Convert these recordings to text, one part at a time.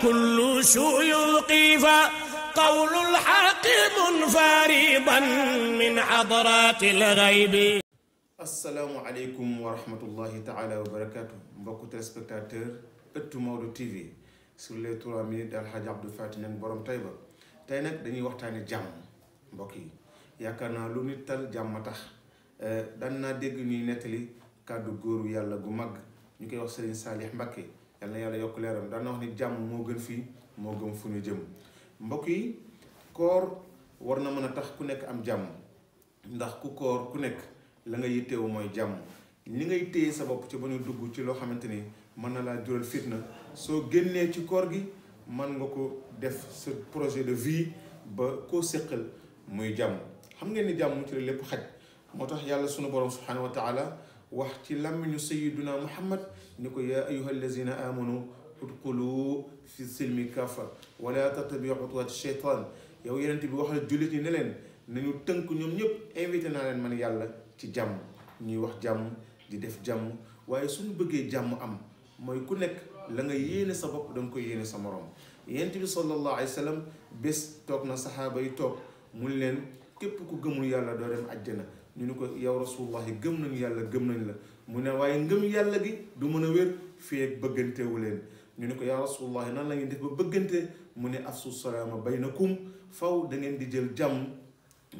كل سوء يلقيفا قول الحق منفردا من حضرات الغيب السلام عليكم ورحمة الله تعالى وبركاته مبكو تلسبكتاتر اتو مودو تي في سور لي 3 دال حاج عبد الفاتن بروم تايبا تاي نك داني وقتاني جام مبكي ياكرنا لو نيتال جام متاخ دان نا ديغ كادو غورو يالا غو ماغ نيكي صالح مبكي yal na yàlla yokk leeram daan na wax ni jàmm moo gën fii moo gëm fu ñu jëm mbokk yi koor war na mën a tax ku nekk am jàmm ndax ku koor ku nekk la nga yitteewu mooy jàmm li ngay téye sa bopp ci ba ñu dugg ci loo xamante ni mën na laa jural fitna soo génnee ci koor gi mën nga ko def sa projet de vie ba koo séqal muy jàmm xam ngeen ni jàmm ci la lépp xaj moo tax yàlla sunu borom subhanahu wa وحتى لم سيدنا محمد نكو يا أيها الذين آمنوا ادخلوا في السلم كافة ولا تتبعوا خطوات الشيطان يا وين تبي واحد جلتي نلين نيو تنك نيوم نيب إيفيتنا لين من يلا تجام نيو واحد جام دي دف جام واي سون بيجي جام أم ما يكونك لعنة يين سبب دمكو يين سمرام يين تبي صلى الله عليه وسلم بس توك نصحابي توك مولن كيف كوكو مولي الله دارم أجنه ñu ne ko yow rasulullahi gëm nañ yàlla gëm nañ la mu ne waaye ngëm yàlla gi du mën a wér fii ak bëggantewu leen ñu ne ko yaa rasulullahi nan la ngeen def ba bëggante mu ne afsu salaama baynakum faw da ngeen di jël jàmm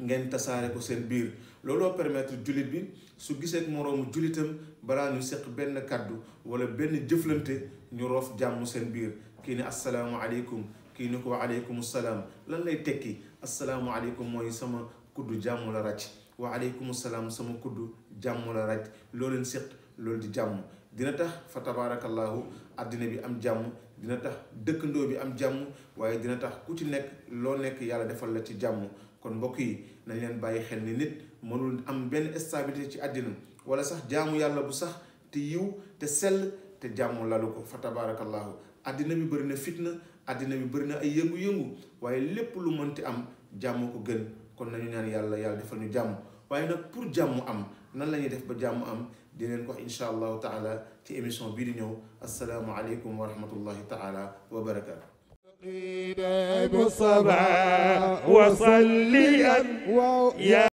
ngeen tasaare ko seen biir looloo permettre jullit bi su gisee moroomu jullitam balaa ñu seq benn kàddu wala benn jëflante ñu roof jàmm seen biir kii ne assalaamu aleykum kii ni ko wa aleykum salaam lan lay tekki assalaamu aleykum mooy sama kuddu jàmm la ràcc waaleykum salaam sama kudd jàmm la raj loo leen séq loolu di jàmm dina tax fa tabaarakallaahu àddina bi am jàmm dina tax dëkkandoo bi am jàmm waaye dina tax ku ci nekk loo nekk yàlla defal la ci jàmm kon mbokk yi nañ leen bàyyi xel ni nit mënul am benn stabilité ci àddina wala sax jaamu yàlla bu sax te yiw te sell te jàmm lalu ko fa tabaarakallaahu àddina bi bëri na fitna àddina bi bëri na ay yëngu-yëngu waaye lépp lu mënti am jàmm ko gën kon nañu ñaan yàlla yàlla defal ñu jàmm waaye nag pour jàmm am nan la ñuy def ba jàmm am di leen ko wax incha allahu taala ci émission bii di ñëw asalaamualeykum wa rahmatullahi taala wa barakaatu. قيد بالصبا وصليا